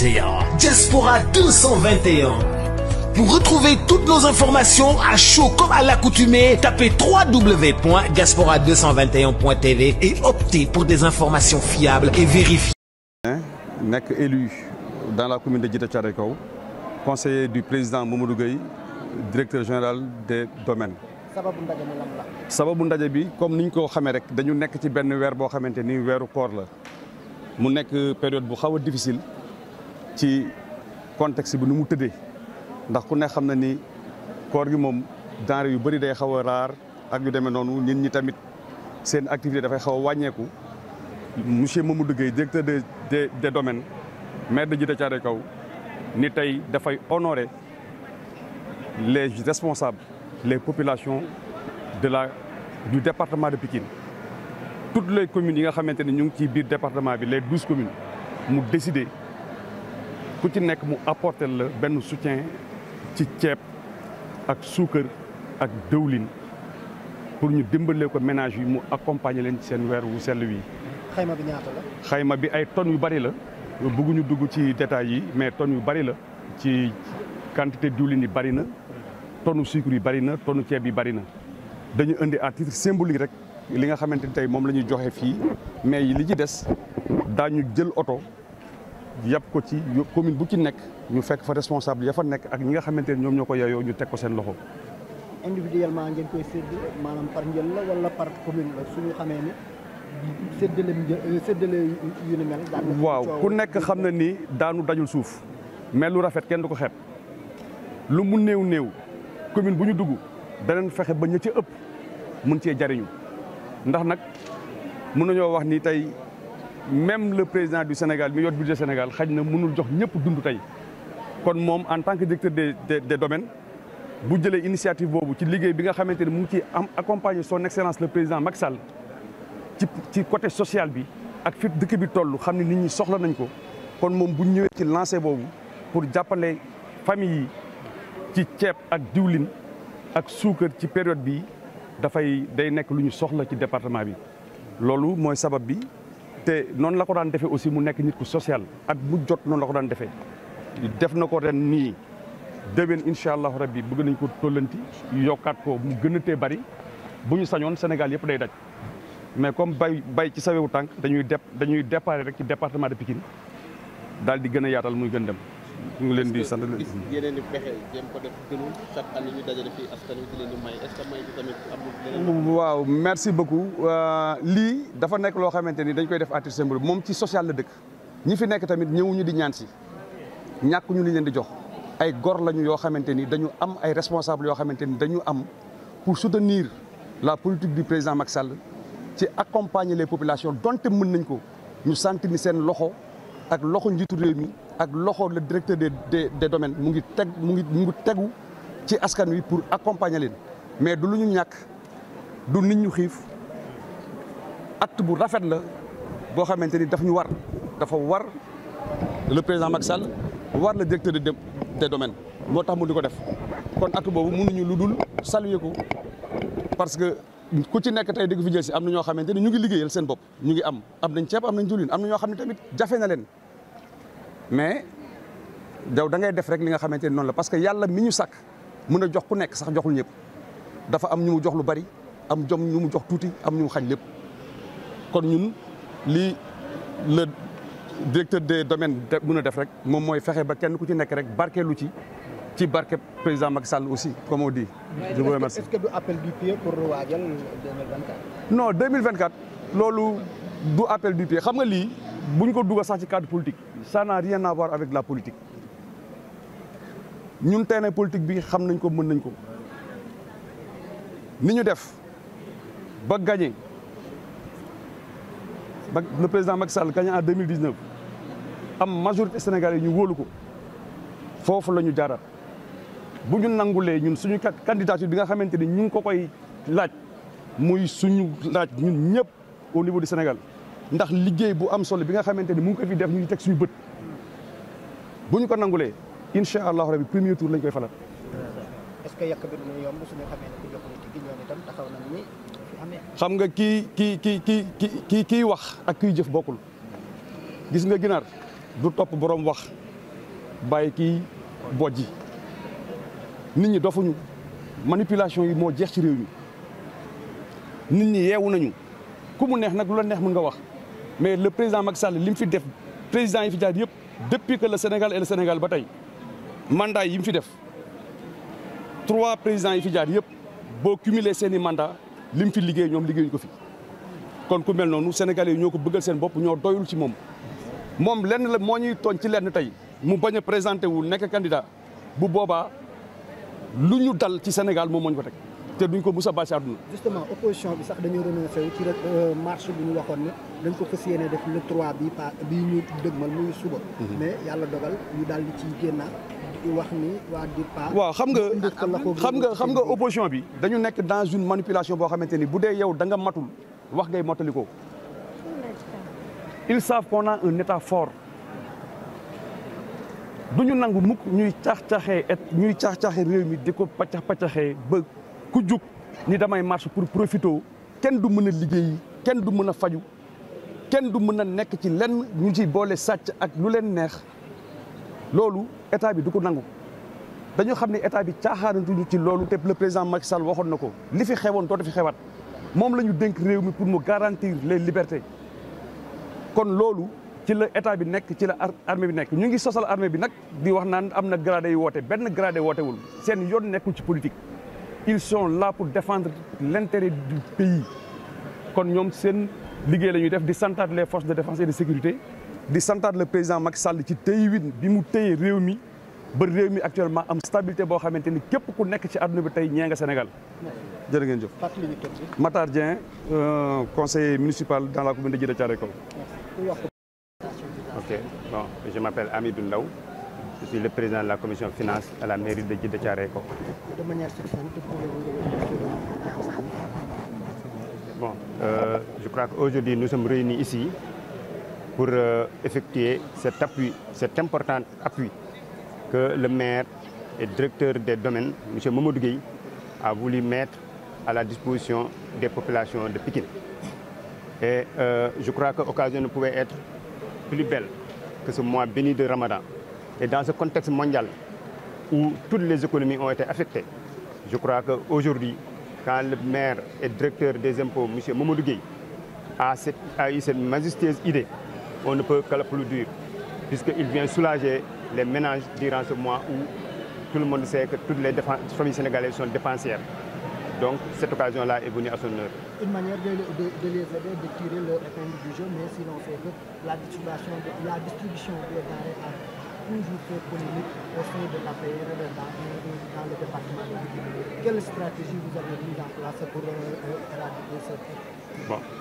221 Diaspora 221 pour retrouver toutes nos informations à chaud comme à l'accoutumée tapez www.diaspora221.tv et optez pour des informations fiables et vérifiées. nekk élu dans la commune de Djiddah Thiaroye Kao conseiller du président Mamadou Gueye directeur général des domaines. sababu ndaje bi comme ni ñu ko xamee rek dañu nekk ci benn weer boo xamante ni weeru koor la mu nekk période bu xaw a difficile. ci contexte bi nu mu tëddee ndax ku ne xam na ni koor gi moom denrée yu bëri day xaw a raar ak yu demee noonu nit ñi tamit seen activité dafay xaw a wàññeeku monsieur Mamadou Gueye directeur de des domaines maire de Djiddah Thiaroye Kaw ni tey dafay honorer les responsables les populations de la du département de Pikine toutes les communes yi nga xamante ni ñu ngi ci biir département bi les douze communes mu décider ku ci nekk mu apporter la benn soutien ci ceeb ak suukar ak dëwlin pour ñu dimbalee ko ménage yi mu accompagner leen ci seen weer wu sell wi. xayma bi xayma bi ay tonnes yu bari la. bëgguñu dugg ci détails yi mais tonnes yu bari la. ci quantité diwlin yi bari na. tonne sucre yi bari na tonne ceeb yi bari na. dañu indi à titre symbolique rek li nga xamante ni tey moom la ñuy joxe fii mais yi li ci des daañu jël oto. yàpp ko ci commune bu ci nekk ñu fekk fa responsable ya fa nekk ak ñi nga xamante ne ñoom ñoo ko yeyoo ñu teg ko seen loxo. individuellement ngeen koy séddale maanaam par njël la wala par commune la suñu xamee ni séddale euh, séddale waaw ku nekk xam na ni daanu dajul suuf mais lu rafet kenn du ko xeeb lu mu néew néew commune bu ñu dugg danañ fexe ba ña ca ëpp mën cee jariñu ndax nag mën nañoo wax ni tey. même le président du Sénégal mi yor budget Sénégal xaj na mënul jox ñëpp dund tey kon moom en tant que directeur des des domaine bu jëlee initiative boobu ci liggéey bi nga xamante ne mu ngi ciy am accompagner son excellence le président Macky ci ci côté social bi ak fit dëkk bi toll xam ne nit ñi soxla nañ ko kon moom bu ñëwee ci lancé boobu pour jàppale famille yi ci ceeb ak diwlin ak suukar ci période bi dafay day nekk lu ñu soxla ci département bi loolu mooy sabab bi te noonu la ko daan defee aussi mu nekk nit ko social at mu jot noonu la ko daan defee def na ko ren nii déwén incha allahu rabbi bëgg nañ ko tollanti yokkaat ko mu gën a tee bari bu ñu sañoon Sénégal yëpp day daj mais comme bay bay ci sawewu tànk dañuy dep dañuy déparé rek ci département de Pikine daal di gën a yaatal muy gën dem ñu leen di sant leen yeneen pexe jéem ko def gënul année ñu dajale fii askan mm, waaw merci beaucoup euh, lii dafa nekk loo xamante ni dañ koy def à titre moom ci social la dëkk ñi fi nekk tamit ñëwuñu di ñaan si ñàkk ñu li leen di jox ay gor lañu yoo xamante ni dañu am ay responsable yoo xamante ni dañu am pour soutenir la politique du président Macky Sall ci accompagner le populations donte mën nañ ko ñu sentir ni seen loxo ak loxo njiitu réew mi ak loxo la directeur de des des domaines mu ngi teg mu ngi mu ngi tegu ci askan wi pour accompagner leen mais du lu ñu ñàkk du nit ñu xiif acte bu rafet la boo xamante ni daf ñu war dafa war le président Macky Sall war le directeur des des domaines moo tax mu di ko def kon acte boobu mënuñu lu dul saluer ko parce que ku ci nekk tey di ko fi jël si am na ñoo xamante ni ñu ngi liggéeyal seen bopp ñu ngi am am nañ ceeb am nañ diwlin am na ñoo xam ne tamit jafe na leen. mais daw dangay def rek li nga xamante ni noonu la parce que yàlla mi ñu sàkk mën a jox ku nekk sax joxul ñëpp dafa am ñu mu jox lu bari am jom ñu mu jox tuuti am ñu mu xañ lépp kon ñun lii le directeur des domaines mën a def rek moom mooy fexe ba kenn ku ci nekk rek lu ci ci barke président Macky Sall aussi comme on dit. je vous remercie est-ce que du appel du pied pour waajal 2024. loolu du appel du pied xam nga lii buñ ko dugal sax ci cadre politique. ça n'a rien à avec la politique ñun terrain politique bi xam nañ ko mën nañ ko ni ñu def ba gagné ba le président Macky Sall gagné en 2019 am majorité sénégalais ñu wóolu ko foofu la ñu jaaraat bu ñu nangulee ñun suñu candidature bi nga xamante ni ñu ngi ko koy laaj muy suñu laaj ñun ñëpp au niveau de Sénégal ndax liggéey bu am solo bi nga xamante ni mu ngi fi def muy teg suñu bët bu ñu ko nangulee incha allahu rabi premier tour lañ koy falat est que yàq bi dina xam nga kii kii kii ki kii kii wax ak kiy jëf bokkul gis nga ginaar du topp boroom wax bàyyi kii bojji nit ñi dofuñu manipulation yi moo jeex ci réew mi nit ñi yeewu nañu ku mu neex nag lu la neex mën nga wax mais le président Macky Sall li mu fi def président yi fi jaar yëpp depuis que le Sénégal est le Sénégal ba tey mandaa yi mu fi def trois présidents yi fi jaan yëpp boo cumuler seen i mandat li mu fi liggéey ñoom liggéeyuñu ko fi kon ku mel noonu sénégalais yi ñoo ko bëggal seen bopp ñoo doyul ci moom moom lenn la moo ñuy tooñ ci lenn tey mu bañ a présenté wu nekk candidat bu boobaa lu ñu dal ci Sénégal moom moo ko teg te du duñ ko mus a bàcc àdduna. justement bi sax dañoo renoncé wu ci euh, marche bi ñu waxoon ne. dañ ko fas yéene def le 3 bi suba. Mhm. yàlla dogal daal di ciy génnaat waaw xam nga xam nga xam nga opposition bi. dañu nekk dans une manipulation boo xamante ni bu dee yow da nga matul wax ngay mottali ko. ils savent qu'on a nangu mukk ñuy caax-caaxee et ñuy caax-caaxee réew mi di ko paccax-paccaxee ba ku jug ni damay marche pour profito kenn du mën a liggéeyi kenn du mën a faju kenn du mën na nekk ci lenn ñu ciy boole sàcc ak lu leen neex loolu état bi du ko nangu dañoo xam ne état bi caaxaanatuñu ci loolu te le président Macky Sall waxoon na ko li fi xewoon dootu fi xewaat moom la ñu dénk réew mi pour mu garantir les libertés kon loolu ci la état bi nekk ci la armée bi nekk ñu ngi sosal armée bi nag di wax naan am na gradé yu woote benn gradé wootewul seen yoon nekkul ci politique ils sont là pour défendre l'intérêt du pays kon liggéey la ñuy def di santaat les forces de défense et de sécurité di santaat le président Macky Sall ci téy wit bi mu téye réew mi ba réew mi actuellement am stabilité boo xamante ni képp ku nekk ci àdduna bi tey ñee nga Sénégal jërë ngeen jëf Matar Dieng euh, conseiller municipal dans la commune de Djiddah Thiaroye Kaw ok bon je m'appelle Amidou Ndaw je suis le président la commission finance à la mairie de Djiddah Thiaroye Kaw Bon, euh, je crois qu'aujourd'hui nous sommes réunis ici pour euh, effectuer cet appui, cet important appui que le maire et directeur des domaines, M. Mamoudou Gueye, voulu mettre à la disposition des populations de Pékin. Et euh, je crois que l'occasion ne pouvait être plus belle que ce mois béni de Ramadan. Et dans ce contexte mondial où toutes les économies ont été affectées, je crois qu'aujourd'hui, quand le maire et directeur des impôts, M. Mamoudou Gueye, a, à eu cette majestueuse idée, on ne peut qu'applaudir, puisqu'il vient soulager les ménages durant ce mois où tout le monde sait que toutes les familles sénégalaises sont dépensières. Donc cette occasion-là est venue à son heure. Une manière de, de, de les aider, de tirer leur épingle du jeu, mais si l'on fait que la distribution, la distribution des denrées toujours fait polémique au sein de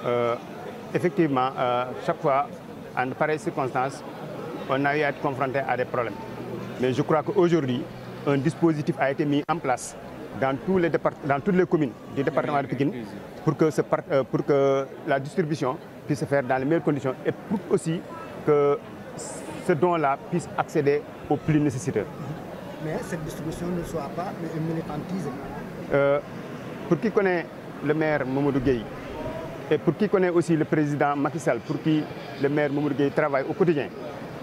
euh, effectivement, euh, chaque fois, en pareille circonstance, on a eu à être confronté à des problèmes. Mais je crois qu'aujourd'hui, un dispositif a été mis en place dans, les dans toutes les communes du département de Pékin pour que, ce euh, pour que la distribution puisse se faire dans les meilleures conditions et pour aussi que ce don la puisse accéder aux plus nécessiteux. Mais cette distribution ne soit euh, pour qui connaît le maire Mamadou Gueye et pour qui connaît aussi le président Macky pour qui le maire Mamadou Gueye travaille au quotidien,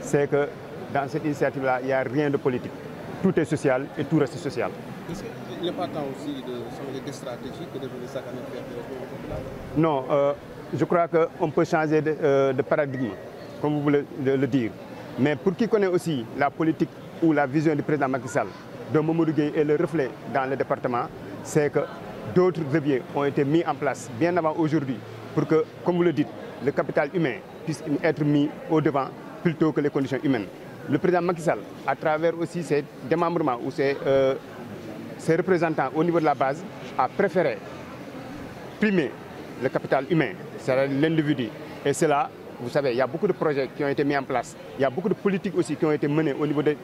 c'est que dans cette initiative-là, il n'y a rien de politique. Tout est social et tout reste social. est Non, euh, je crois qu'on peut changer de, euh, de paradigme, comme vous voulez le, le dire. Mais pour qui connaît aussi la politique ou la vision du président Macky Sall, dont Mamoudou le reflet dans le département, c'est que d'autres leviers ont été mis en place bien avant aujourd'hui pour que, comme vous le dites, le capital humain puisse être mis au devant plutôt que les conditions humaines. Le président Macky Sall, à travers aussi ses démembrements ou ses, euh, ses représentants au niveau de la base, à préféré primer le capital humain, c'est-à-dire l'individu. Vous savez, il y a beaucoup de projets qui ont été en place. Il y de politiques aussi qui ont été au niveau de,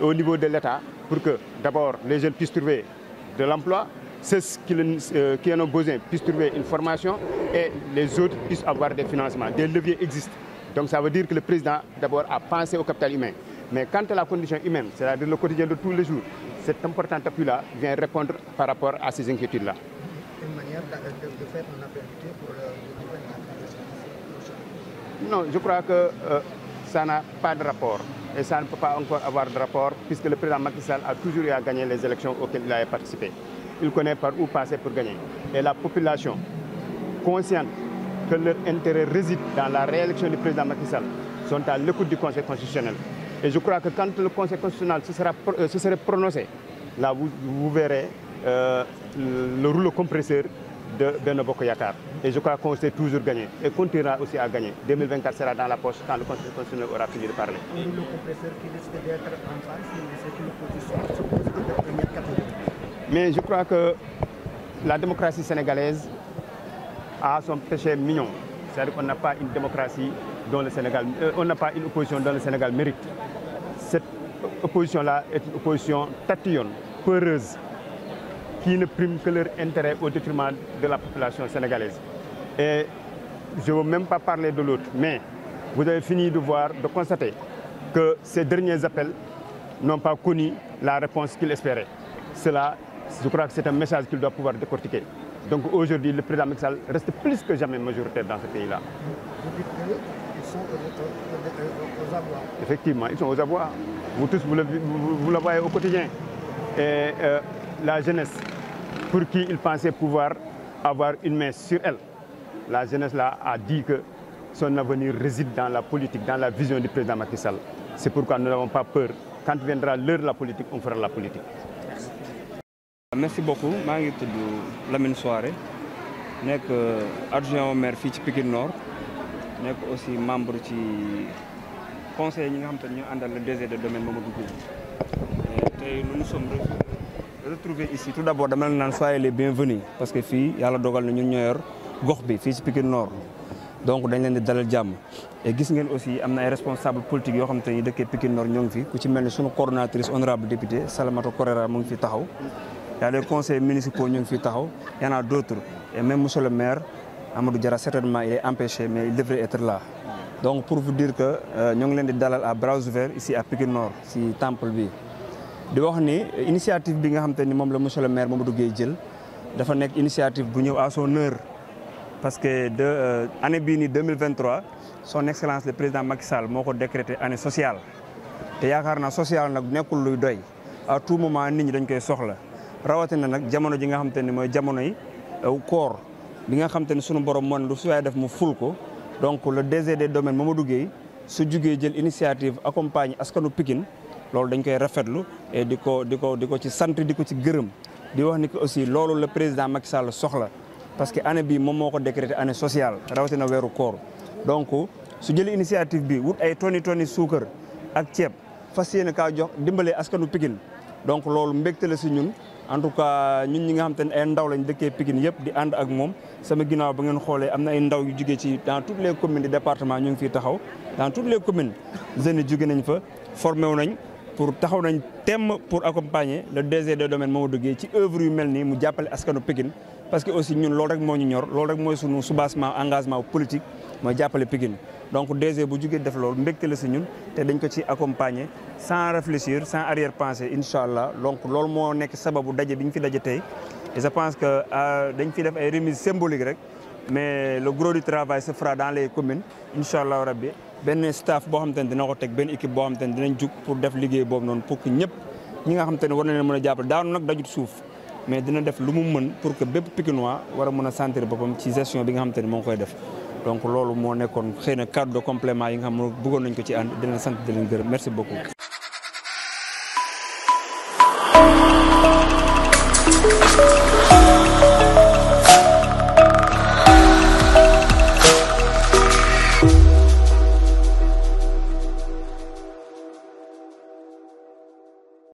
au niveau de l'État pour que d'abord les jeunes puissent trouver de l'emploi, ceux qui, euh, qui en ont besoin puissent trouver une formation et les autres puissent avoir des financements. Des leviers existent. Donc ça veut dire que le président d'abord a pensé au capital humain. Mais quant à la condition humaine, c'est-à-dire le quotidien de tous les jours, cet important appui-là par rapport à ces inquiétudes Non, je crois que euh, ça n'a pas de rapport. Et ça ne peut pas encore avoir de rapport puisque le président Macky Sall a toujours eu à gagner les élections auxquelles il a participé. Il connaît par où passer pour gagner. Et la population, consciente que leur intérêt réside dans la réélection du président Macky Sall, sont à l'écoute du Conseil constitutionnel. Et je crois que quand le Conseil constitutionnel se, sera, euh, se serait prononcé, là vous, vous verrez euh, le rouleau compresseur de Et je crois qu'on s'est toujours gagné et continuera aussi à gagner. 2024 sera dans la poche quand le Conseil de parler. Et Mais je crois que la démocratie sénégalaise a son péché mignon. C'est-à-dire qu'on n'a pas une démocratie dont le Sénégal, euh, mérite. Cette opposition-là est une opposition tatillonne, peureuse, qui ne prime que leur intérêt au détriment de la population sénégalaise. Et je ne veux même pas parler de l'autre, mais vous avez fini de voir, de constater que ces derniers appels n'ont pas connu la réponse qu'ils espéraient. Cela, je crois que c'est un message qu'ils doivent pouvoir décortiquer. Donc aujourd'hui, le président Mixal reste plus que jamais majoritaire dans ce pays-là. Effectivement, ils sont aux avoirs. Vous tous, au quotidien. Et euh, la jeunesse, pour qui ils pensaient pouvoir avoir une main sur elle, la jeunesse la a dit que son avenir réside dans la politique, dans la vision du président Macky Sall. C'est pourquoi nous n'avons pas peur. Quand viendra l'heure de la politique, on fera la politique. Merci beaucoup. Je suis Lamine Soare, nekk euh, adjoint au maire fii ci Pikine Nord nekk aussi membre ci conseil ñi nga xam te ne ñu àndal le DG de domaine Mamadou Guèye euh, tey nu nous sommes ici tout d'abord dama leen naan soyez les bienvenus parce que fii yàlla dogal na ñun gox bi fii ci Pikine Nord donc dañ leen di dalal jàmm et gis ngeen aussi am na ay responsable politique yoo xam te ni dëkkee Pikine Nord ñoo ngi fi ku ci mel ni sunu coordonnatrice honorable député Salamata Correra mu ngi taxaw y a des conseils municipaux ñu ngi fi taxaw y en a d'autres et même monsieur le maire Amadou Diarra certainement il est empêché mais il devrait être là donc pour vous dire que euh, ñoo ngi leen di dalal à bras ouverts ici à Pikine Nord ci temple bi di wax ni initiative bi nga xam te ni moom la monsieur le maire Mamadou Gueye jël dafa nekk initiative bu ñëw parce que de euh, année bii nii 2023 son excellence le président Macky Sall moo ko décrété année sociale te yaakaar naa sociale nag nekkul luy doy à tout moment nit ñi dañ koy soxla rawatina nag jamono ji nga xam te ne mooy jamonoy euh, koor bi nga xam te ne sunu borom moo ne lu su def mu ful ko donc le DG des domaines Mamadou Guèye su jugee jël initiative accompagne askanu Pikine loolu dañ koy rafetlu et di ko di ko di ko ci sant di ko ci gërëm di wax ni ko aussi loolu la président Macky Sall soxla. parce que année bi moom moo ko décrété année sociale na weeru koor donc su jëlee initiative bi wut ay toni toni suukar ak ceeb fas yéene kaa jox dimbale askanu Pikine donc loolu mbégte la si ñun en tout cas ñun ñi nga xam te ne ay ndaw lañ dëkkee Pikine yëpp di ànd ak moom sama ginnaaw ba ngeen xoolee am na ay ndaw yu jugee ci dans toutes les communes du département ñu ngi fii taxaw dans toutes les commune jeunes yi nañ fa formé wu nañ pour taxaw nañ temm pour accompagner le DG des domaines Mamadou Guèye ci œuvre yu mel nii jàppale askanu Pikine parce que aussi ñun loolu rek moo ñu ñor loolu rek mooy sunu soubassement engagement politique mooy jàppale Pikine donc DG bu jugee def loolu mbégte la si ñun te dañ ko ci accompagner sans réfléchir sans arrière pensée incha allah donc loolu moo nekk sababu daje bi ñu fi daje tey. et je pense que euh, dañ fi def ay remise symbolique rek mais le gros du travail se fera dans les communes incha allah rabbi benn staff boo xam te ne dina ko teg benn équipe boo xam te ne dinañ jug pour def liggéey boobu noonu pour que nga xam ne war nañ leen mën a jàppale daanu nag dajut suuf. mais dina def lu mu mën pour que bépp Pikinois war a mën a sentir boppam ci gestion bi nga xam te ne moo koy def donc loolu moo nekkoon xëy na cadre de complément yi nga xam ne bëggoon nañ ko ci ànd dina sant di leen gërëm merci beaucoup